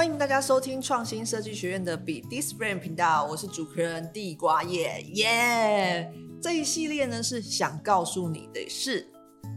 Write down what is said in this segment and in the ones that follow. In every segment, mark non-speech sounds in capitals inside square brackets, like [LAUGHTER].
歡迎大家收聽創新設計學院的比 DiscBrain 頻道，我是主持人地瓜耶耶。Yeah! 這一系列呢是想告訴你的是，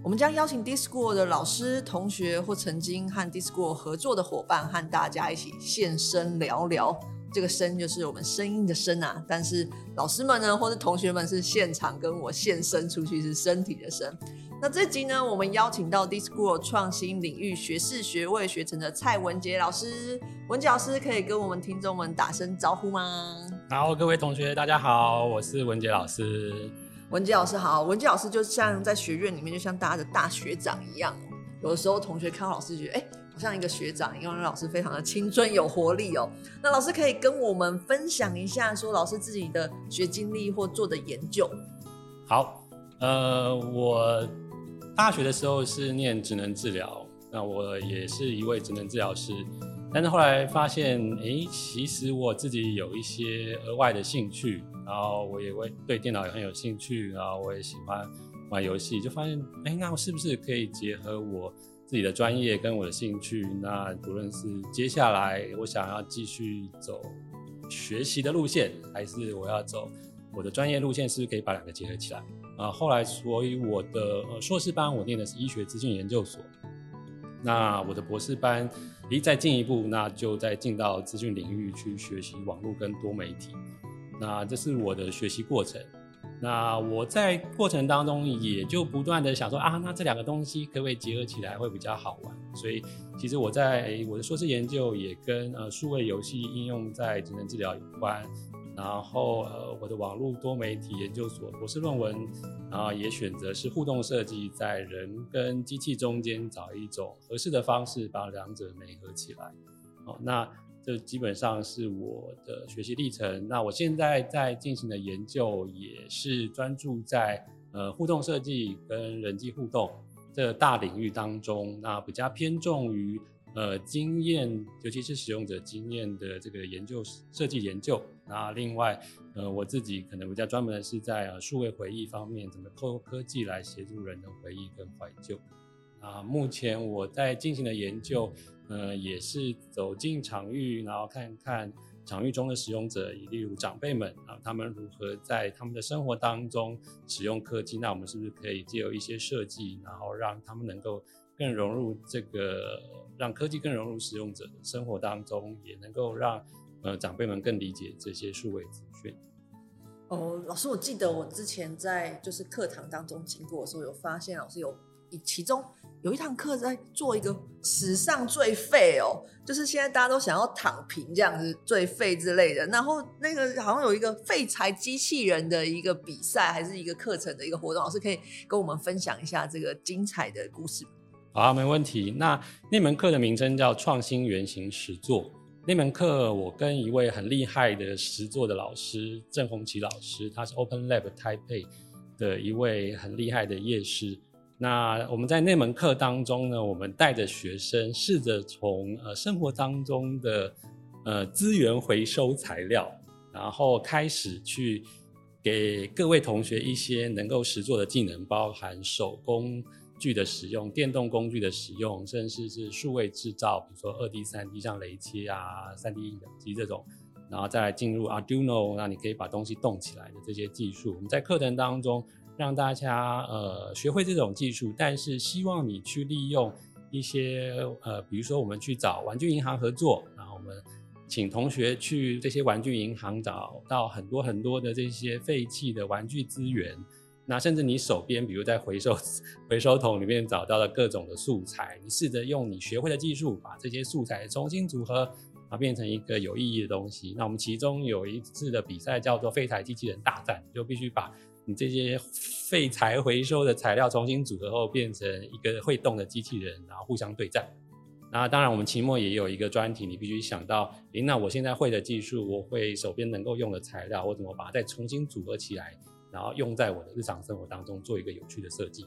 我們將邀請 D-School 的老師、同學或曾經和 D-School 合作的夥伴，和大家一起現聲聊聊。這個“聲”就是我們聲音的“聲”啊，但是老師們呢，或者同學們是現場跟我現身出去，是身體的“身”。那這集呢，我們邀請到 D-School 創新領域學士學位學程的蔡文傑老師。文傑老師可以跟我們聽眾們打聲招呼嗎？好，各位同學，大家好，我是文傑老師。文傑老師好，文傑老師就像在學院裡面，就像大家的大學長一樣，喔、有的時候同學看到老師，覺得哎，好、欸、像一個學長，因為老師非常的青春有活力哦，喔。那老師可以跟我們分享一下，說老師自己的學經歷或做的研究？好，呃，我。大學的時候是念職能治療，那我也是一位職能治療師，但是後來發現，誒、欸，其實我自己有一些額外的興趣，然後我也會對電腦也很有興趣，然後我也喜歡玩遊戲，就發現，誒、欸，那我是不是可以結合我自己的專業跟我的興趣？那不論是接下來我想要繼續走學習的路線，還是我要走我的專業路線，是不是可以把兩個結合起來？啊，後來所以我的碩士班我念的是醫學資訊研究所，那我的博士班咦再進一步，那就再進到資訊領域去學習網絡跟多媒體，那這是我的學習過程。那我在過程當中也就不斷地想說啊，那這兩個東西可不可以結合起來會比較好玩？所以其實我在我的碩士研究也跟呃數位遊戲應用在精神治療有關。然後呃，我的網路多媒體研究所博士論文，然後也選擇是互動設計，在人跟機器中間找一種合適的方式，把兩者媒合起來。哦，那這基本上是我的學習歷程。那我現在在進行的研究也是專注在呃互動設計跟人機互動這大領域當中，那比較偏重於。呃，經驗，尤其是使用者經驗的這個研究設計研究。那另外，呃，我自己可能比較專門的是在，呃、數位回憶方面，怎麼透過科技來協助人的回憶跟懷舊。那，啊，目前我在進行的研究，呃，也是走進場域，然後看看場域中的使用者，以例如長輩們啊，然後他們如何在他們的生活當中使用科技。那我們是不是可以借由一些設計，然後讓他們能夠。更融入這個，讓科技更融入使用者的生活當中，也能夠讓呃長輩們更理解這些數位資訊。哦，老師，我記得我之前在就是課堂當中經過的時候，有發現老師有以其中有一堂課在做一個史上最廢哦，就是現在大家都想要躺平這樣子最廢之類的。然後那個好像有一個廢材機器人的一個比賽，還是一個課程的一個活動，老師可以跟我們分享一下這個精彩的故事。好、啊，沒問題。那那門課的名稱叫創新原型實作。那門課我跟一位很厲害的實作的老師鄭鴻旗老師，他是 Open Lab Taipei 的一位很厲害的業師。那我們在那門課當中呢，我們帶着學生試着從呃生活當中的呃資源回收材料，然後開始去給各位同學一些能夠實作的技能，包含手工。具的使用，電動工具的使用，甚至是數位製造，比如說二 D、三 D，像雷切啊、三 D 印表機這種，然後再進入 Arduino，那你可以把東西動起來的這些技術，我們在課程當中讓大家呃學會這種技術，但是希望你去利用一些呃，比如說我們去找玩具銀行合作，然後我們請同學去這些玩具銀行找到很多很多的這些廢棄的玩具資源。那甚至你手邊，比如在回收回收桶裡面找到了各種的素材，你試着用你學會的技術把這些素材重新組合，然後變成一個有意義的東西。那我們其中有一次的比賽叫做“廢材機器人大戰”，你就必須把你這些廢材回收的材料重新組合後變成一個會動的機器人，然後互相對戰。那當然，我們期末也有一個專題，你必須想到，誒、欸、那我現在會的技術，我會手邊能夠用的材料，我怎麼把它再重新組合起來？然後用在我的日常生活當中做一個有趣的設計，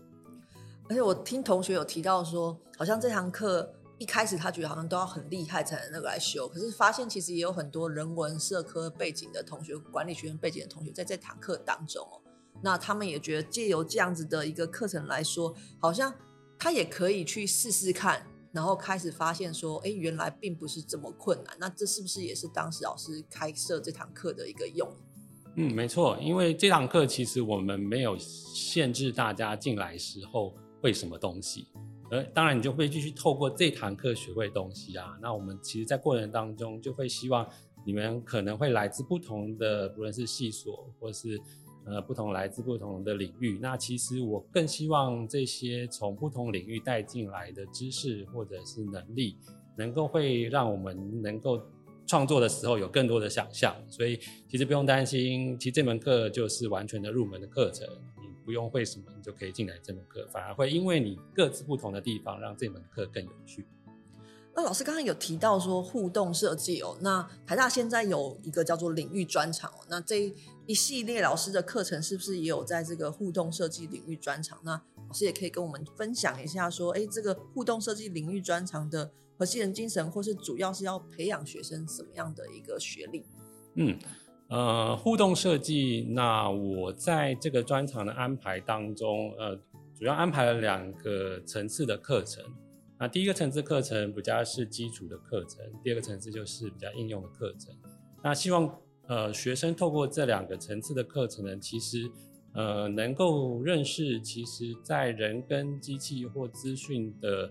而且我聽同學有提到說，好像這堂課一開始他覺得好像都要很厲害才能那個來修，可是發現其實也有很多人文社科背景的同學、管理學院背景的同學，在這堂課當中哦，那他們也覺得借由這樣子的一個課程來說，好像他也可以去試試看，然後開始發現說，哎，原來並不是這麼困難。那這是不是也是當時老師開設這堂課的一個用意？嗯，沒錯，因為這堂課其實我們沒有限制大家進來時候會什麼東西，呃，當然你就會繼續透過這堂課學會東西啊。那我們其實，在過程當中就會希望你們可能會來自不同的，不論是系所或是呃不同來自不同的領域。那其實我更希望這些從不同領域帶進來的知識或者是能力，能夠會讓我們能夠。創作的時候有更多的想象，所以其實不用擔心。其實這門課就是完全的入門的課程，你不用會什麼，你就可以進來這門課，反而會因為你各自不同的地方，讓這門課更有趣。那老師剛剛有提到說互動設計哦，那台大現在有一個叫做領域專長哦，那這一系列老師的課程是不是也有在這個互動設計領域專長？那老師也可以跟我們分享一下，說：“誒、欸，這個互動設計領域專長的核心精神，或是主要是要培養學生什麼樣的一個學歷？”嗯，呃，互動設計，那我在這個專長的安排當中，呃，主要安排了兩個層次的課程。那第一個層次課程，比較是基礎的課程，第二個層次就是比較應用的課程。那希望呃學生透過這兩個層次的課程呢，其實。呃，能夠認識，其實在人跟機器或資訊的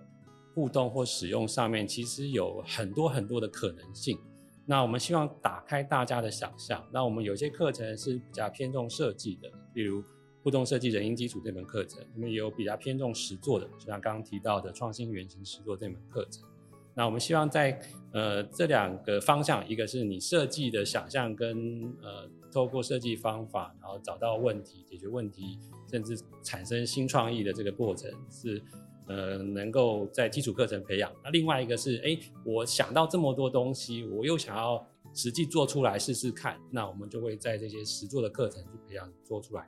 互動或使用上面，其實有很多很多的可能性。那我們希望打開大家的想象。那我們有些課程是比較偏重設計的，例如互動設計人因基礎這門課程，我們也有比較偏重實作的，就像剛剛提到的創新原型實作這門課程。那我們希望在呃這兩個方向，一個是你設計的想象跟呃，透過設計方法，然後找到問題、解決問題，甚至產生新創意的這個過程，是呃能夠在基礎課程培養；那另外一個是，哎，我想到這麼多東西，我又想要實際做出來試試看，那我們就會在這些實作的課程去培養做出來。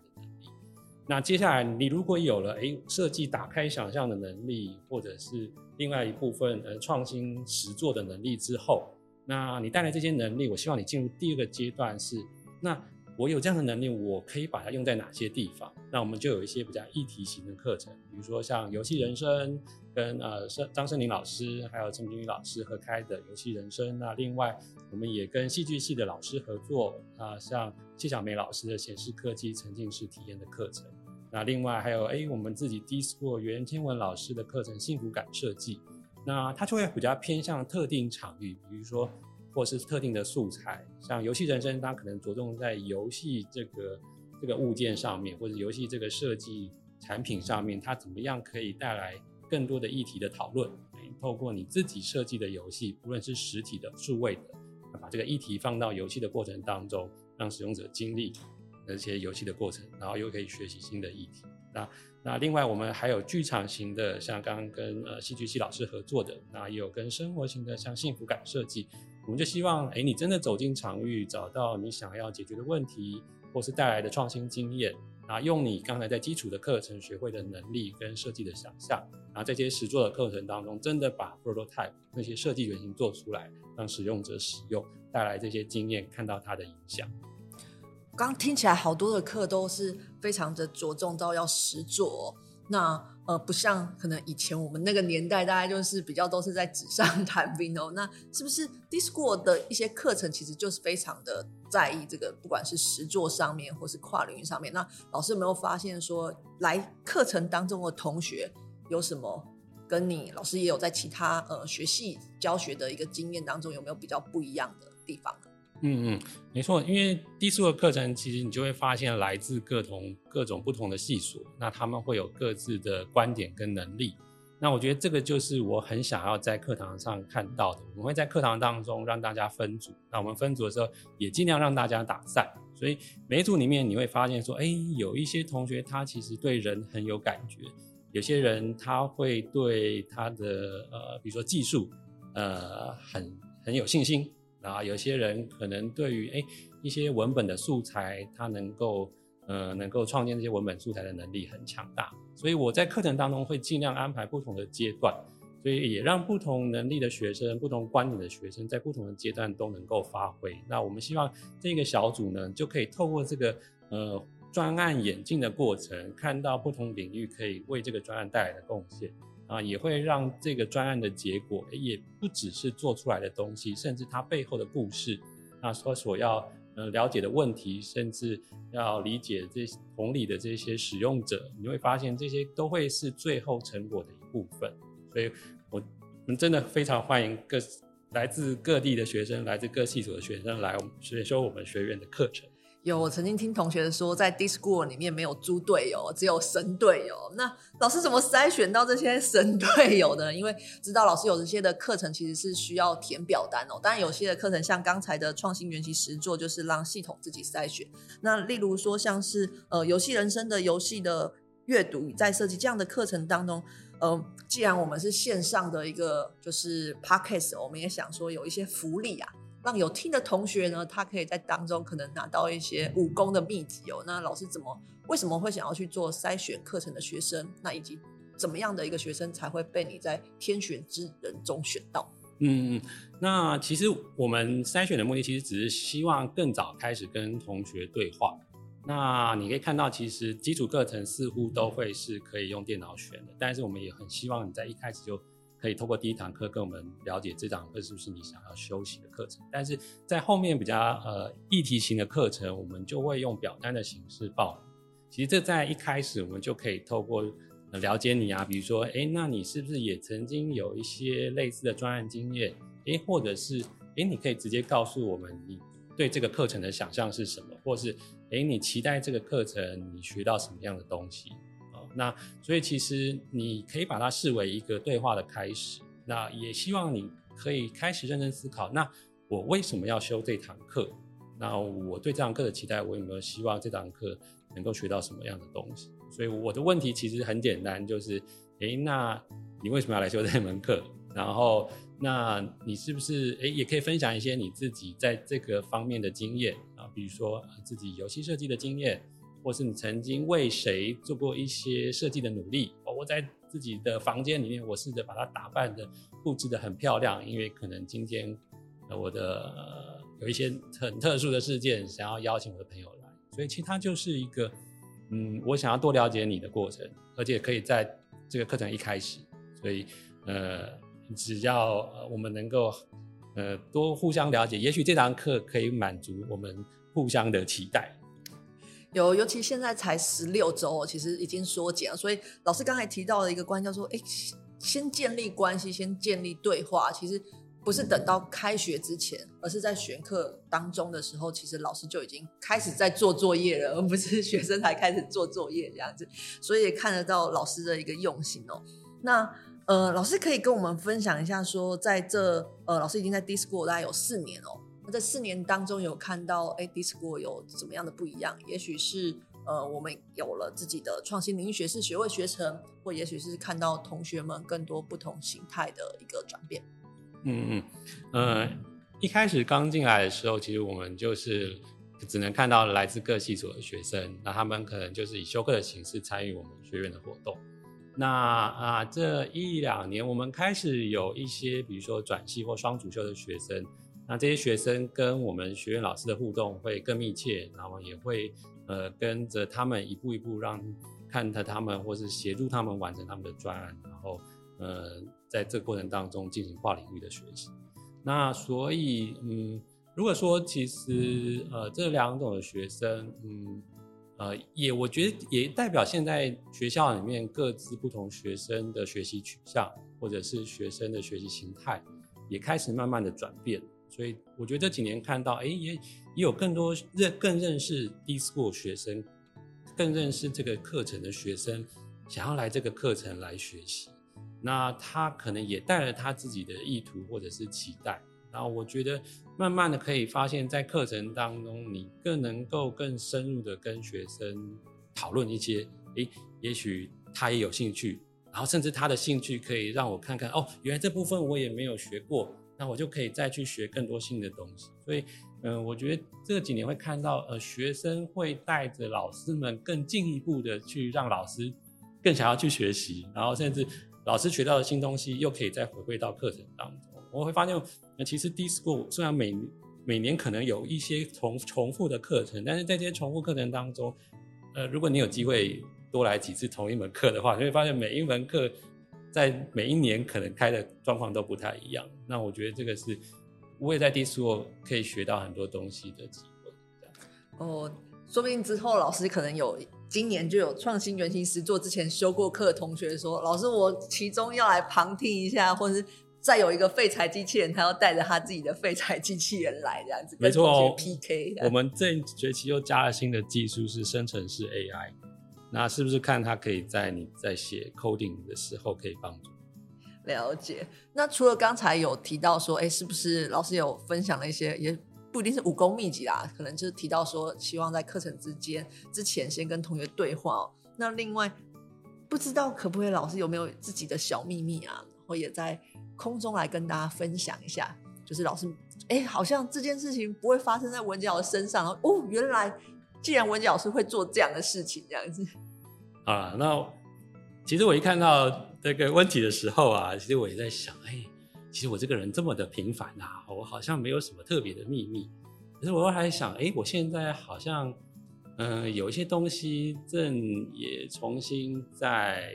那接下來，你如果有了哎設計打開想象的能力，或者是另外一部分呃創新實作的能力之後，那你帶來這些能力，我希望你進入第二個階段是那。我有這樣的能力，我可以把它用在哪些地方？那我們就有一些比較議題型的課程，比如說像《遊戲人生》跟呃張聖琳老師還有陳俊宇老師合開的《遊戲人生》。那另外，我們也跟戲劇系的老師合作，啊，像謝筱玫老師的顯示科技沉浸式體驗的課程。那另外還有、哎、我們自己 D-School 袁天文老師的課程《幸福感設計》，那它就會比較偏向特定場域，比如說。或是特定的素材，像遊戲人生，它可能着重在遊戲這個這個物件上面，或者遊戲這個設計產品上面，它怎麼樣可以帶來更多的議題的討論？透過你自己設計的遊戲，不論是實體的、數位的，把這個議題放到遊戲的過程當中，讓使用者經歷那些遊戲的過程，然後又可以學習新的議題。那那另外我們還有劇場型的，像剛剛跟呃戲劇系老師合作的，那也有跟生活型的，像幸福感設計。我們就希望誒，你真的走進場域，找到你想要解決的問題，或是帶來的創新經驗，然後用你剛才在基礎的課程學會的能力跟設計的想象，然後在這些實作的課程當中，真的把 prototype 那些設計原型做出來，讓使用者使用，帶來這些經驗，看到它的影響。剛聽起來，好多的課都是非常的着重到要實作，那。呃，不像可能以前我們那個年代，大概就是比較都是在紙上談兵哦。那是不是 D-School 的一些課程，其實就是非常的在意這個，不管是實作上面，或是跨領域上面。那老師有沒有發現說，來課程當中的同學有什麼跟你老師也有在其他呃學系教學的一個經驗當中，有沒有比較不一樣的地方？嗯嗯，沒錯，因為 D-School 的課程，其實你就會發現來自各種各種不同的系所，那他們會有各自的觀點跟能力。那我覺得這個就是我很想要在課堂上看到的。我們會在課堂當中讓大家分組，那我們分組的時候也盡量讓大家打散，所以每一組裡面你會發現說，哎、欸，有一些同學他其實對人很有感覺，有些人他會對他的呃，比如說技術，呃，很很有信心。然後有些人可能對於哎、欸、一些文本的素材，他能夠呃能夠創建這些文本素材的能力很強大，所以我在課程當中會盡量安排不同的階段，所以也讓不同能力的學生、不同觀點的學生在不同的階段都能夠發揮。那我們希望這個小組呢，就可以透過這個呃專案演進的過程，看到不同領域可以為這個專案帶來的貢獻。啊，也會讓這個專案的結果也不只是做出來的東西，甚至它背後的故事，那、啊、所所要呃、嗯、了解的問題，甚至要理解這同理的這些使用者，你會發現這些都會是最後成果的一部分。所以我，我我們真的非常歡迎各來自各地的學生，來自各系所的學生來我們學修我們學院的課程。有，我曾經聽同學說，在 Discord 裡面沒有豬隊友，只有神隊友。那老師怎麼篩選到這些神隊友的？因為知道老師有這些的課程，其實是需要填表單哦。當然，有些的課程像剛才的創新元題實作就是讓系統自己篩選。那例如說，像是呃遊戲人生的遊戲的閱讀再設計這樣的課程當中，呃，既然我們是線上的一個就是 Podcast，我們也想說有一些福利啊。讓有聽的同學呢，他可以在當中可能拿到一些武功的秘籍哦。那老師怎麼為什麼會想要去做篩選課程的學生？那以及怎麼樣的一個學生才會被你在天選之人中選到？嗯嗯，那其實我們篩選的目的其實只是希望更早開始跟同學對話。那你可以看到，其實基礎課程似乎都會是可以用電腦選的，但是我們也很希望你在一開始就。可以透過第一堂課跟我們了解這堂課是不是你想要修習的課程，但是在後面比較呃議題型的課程，我們就會用表單的形式報名。其實這在一開始我們就可以透過了解你啊，比如說誒、欸，那你是不是也曾經有一些類似的專案經驗？誒、欸，或者是誒、欸，你可以直接告訴我們你對這個課程的想象是什麼，或是誒、欸，你期待這個課程你學到什麼樣的東西？那所以其實你可以把它視為一個對話的開始。那也希望你可以開始認真思考，那我為什麼要修這堂課？那我對這堂課的期待，我有沒有希望這堂課能夠學到什麼樣的東西？所以我的問題其實很簡單，就是，哎、欸，那你為什麼要來修這門課？然後，那你是不是哎、欸，也可以分享一些你自己在這個方面的經驗啊，比如說自己遊戲設計的經驗。或是你曾經為誰做過一些設計的努力？我在自己的房間裡面，我試着把它打扮的、布置的很漂亮，因為可能今天，呃，我的有一些很特殊的事件，想要邀請我的朋友來，所以其實它就是一個，嗯，我想要多了解你的過程，而且可以在這個課程一開始，所以，呃，只要我們能夠，呃，多互相了解，也許這堂課可以滿足我們互相的期待。有，尤其現在才十六周，其實已經縮減了。所以老師剛才提到的一個觀念叫說，哎、欸，先建立關係，先建立對話，其實不是等到開學之前，而是在選課當中的時候，其實老師就已經開始在做作業了，而不是學生才開始做作業這樣子。所以也看得到老師的一個用心哦、喔。那呃，老師可以跟我們分享一下說，說在這呃，老師已經在 Discord 大概有四年，哦、喔。那這四年當中有看到，哎、欸、D-School 有怎麼樣的不一樣？也許是呃，我們有了自己的創新領域學士學位學程，或也許是看到同學們更多不同形態的一個轉變。嗯嗯、呃，一開始剛進來的時候，其實我們就是只能看到來自各系所的學生，那他們可能就是以修課的形式參與我們學院的活動。那啊，這一兩年我們開始有一些，比如說轉系或雙主修的學生。那這些學生跟我們學院老師的互動會更密切，然後也會呃跟着他們一步一步讓看着他們，或是協助他們完成他們的專案，然後呃在這個過程當中進行跨領域的學習。那所以嗯，如果說其實呃這兩種學生，嗯呃也我覺得也代表現在學校裡面各自不同學生的學習取向，或者是學生的學習形態也開始慢慢的轉變。所以我覺得這幾年看到，哎，也也有更多認更認識 D-School 學生，更認識這個課程的學生，想要來這個課程來學習。那他可能也帶了他自己的意圖或者是期待。然後我覺得慢慢的可以發現，在課程當中，你更能夠更深入的跟學生討論一些，哎，也許他也有興趣，然後甚至他的興趣可以讓我看看，哦，原來這部分我也沒有學過。我就可以再去學更多新的東西，所以，嗯、呃，我覺得這幾年會看到，呃，學生會帶着老師們更進一步的去讓老師更想要去學習，然後甚至老師學到的新東西又可以再回歸到課程當中。我會發現，呃、其實 D-School 雖然每每年可能有一些重重複的課程，但是在這些重複課程當中，呃，如果你有機會多來幾次同一門課的話，你會發現每一門課。在每一年可能開的狀況都不太一樣，那我覺得這個是我也在 D-School 可以學到很多東西的機會這樣。哦，說不定之後老師可能有今年就有創新原型實作，之前修過課的同學說，老師，我期中要來旁聽一下，或者是再有一個廢柴機器人，他要帶着他自己的廢柴機器人來這樣子沒錯、哦、，跟同學 PK。我們這學期又加了新的技術是生成式 AI。那是不是看他可以在你在寫 coding 的時候可以幫助？了解。那除了剛才有提到說，哎，是不是老師有分享了一些，也不一定是武功秘籍啦，可能就是提到說，希望在課程之間之前先跟同學對話哦。那另外，不知道可不可以，老師有沒有自己的小秘密啊？然後也在空中來跟大家分享一下。就是老師，哎，好像這件事情不會發生在文傑老師的身上哦，原來。既然文傑老師會做這樣的事情，這樣子，啊，那其實我一看到這個問題的時候啊，其實我也在想，哎、欸，其實我這個人這麼的平凡啊，我好像沒有什麼特別的秘密。可是我又還想，哎、欸，我現在好像，嗯、呃，有一些東西正也重新在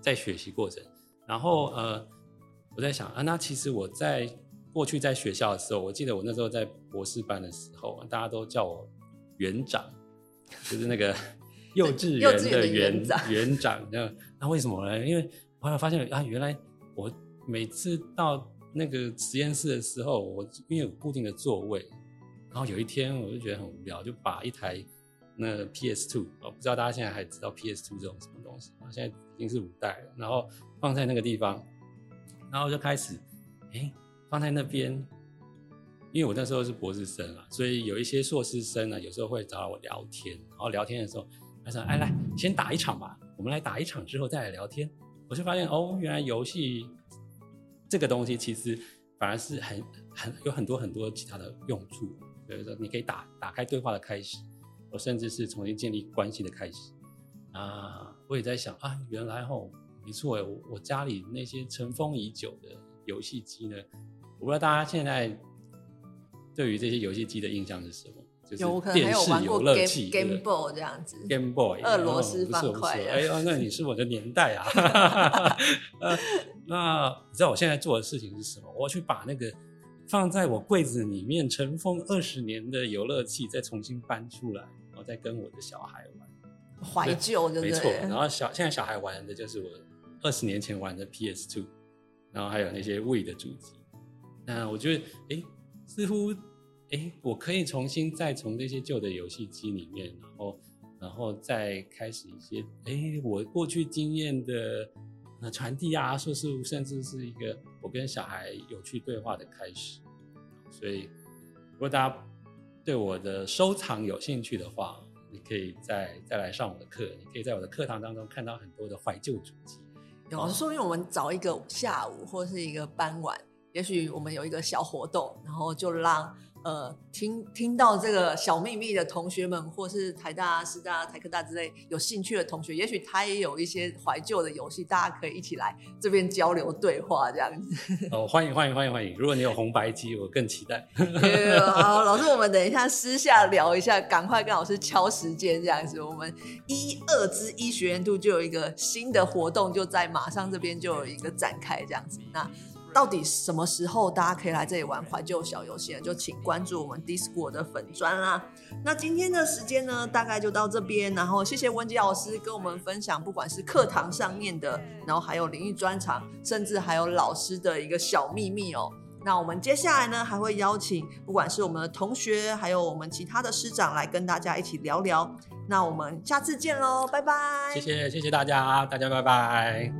在學習過程。然後呃，我在想啊，那其實我在過去在學校的時候，我記得我那時候在博士班的時候，大家都叫我。園長，就是那個幼稚園的園園 [LAUGHS] 長, [LAUGHS] 長，那那為什麼呢？因為我後來發現啊，原來我每次到那個實驗室的時候，我因為有固定的座位，然後有一天我就覺得很無聊，就把一台那 PS Two，哦，我不知道大家現在還知道 PS Two 這種什麼東西啊，現在已經是五代了，然後放在那個地方，然後就開始哎、欸，放在那邊。因為我那時候是博士生啊，所以有一些碩士生呢，有時候會找我聊天。然後聊天的時候，他說：“哎，來先打一場吧，我們來打一場之後再來聊天。”我就發現哦，原來遊戲這個東西其實反而是很很有很多很多其他的用處，比如說你可以打打開對話的開始，我甚至是重新建立關係的開始。啊，我也在想啊，原來吼、哦、沒錯哎，我家裡那些塵封已久的遊戲機呢，我不知道大家現在。對於這些遊戲機的印象是什麼？就是電視遊樂器、樂器 Game, Game Boy 這樣子。Game Boy，俄羅斯方塊。方哎呦、哦、那你是我的年代啊、 [LAUGHS] [LAUGHS] 呃！那你知道我現在做的事情是什麼？我去把那個放在我櫃子裡面塵封二十年的遊樂器再重新搬出來，然後再跟我的小孩玩。懷舊，沒錯。然後小現在小孩玩的就是我二十年前玩的 PS Two，然後還有那些 Wii 的主機、嗯。那我覺得，哎、欸。似乎誒，我可以重新再從那些舊的遊戲機裡面，然後，然後再開始一些，誒，我過去經驗的傳遞啊，說是甚至是一個我跟小孩有趣對話的開始。所以，如果大家對我的收藏有興趣的話，你可以再再來上我的課，你可以在我的課堂當中看到很多的懷舊主機。有，所以我們找一個下午或是一個傍晚，也許我們有一個小活動，然後就讓呃聽聽到這個小祕密的同學們，或是台大、師大、台科大之類有興趣的同學，也許他也有一些懷舊的遊戲，大家可以一起來這邊交流對話這樣子。哦，歡迎歡迎歡迎歡迎！如果你有紅白機，我更期待 [LAUGHS] 好，老師，我們等一下私下聊一下，趕快跟老師敲時間這樣子。我們一二之一學院度就有一個新的活動，就在馬上這邊就有一個展開這樣子。那。到底什麼時候大家可以來這裡玩懷舊小遊戲呢？就請關注我們 Discord 的粉專啦。那今天的時間呢，大概就到這邊。然後謝謝文傑老師跟我們分享，不管是課堂上面的，然後還有領域專長，甚至還有老師的一個小秘密哦、喔。那我們接下來呢，還會邀請不管是我們的同學，還有我們其他的師長來跟大家一起聊聊。那我們下次見嘍，拜拜！謝謝謝謝大家，大家拜拜。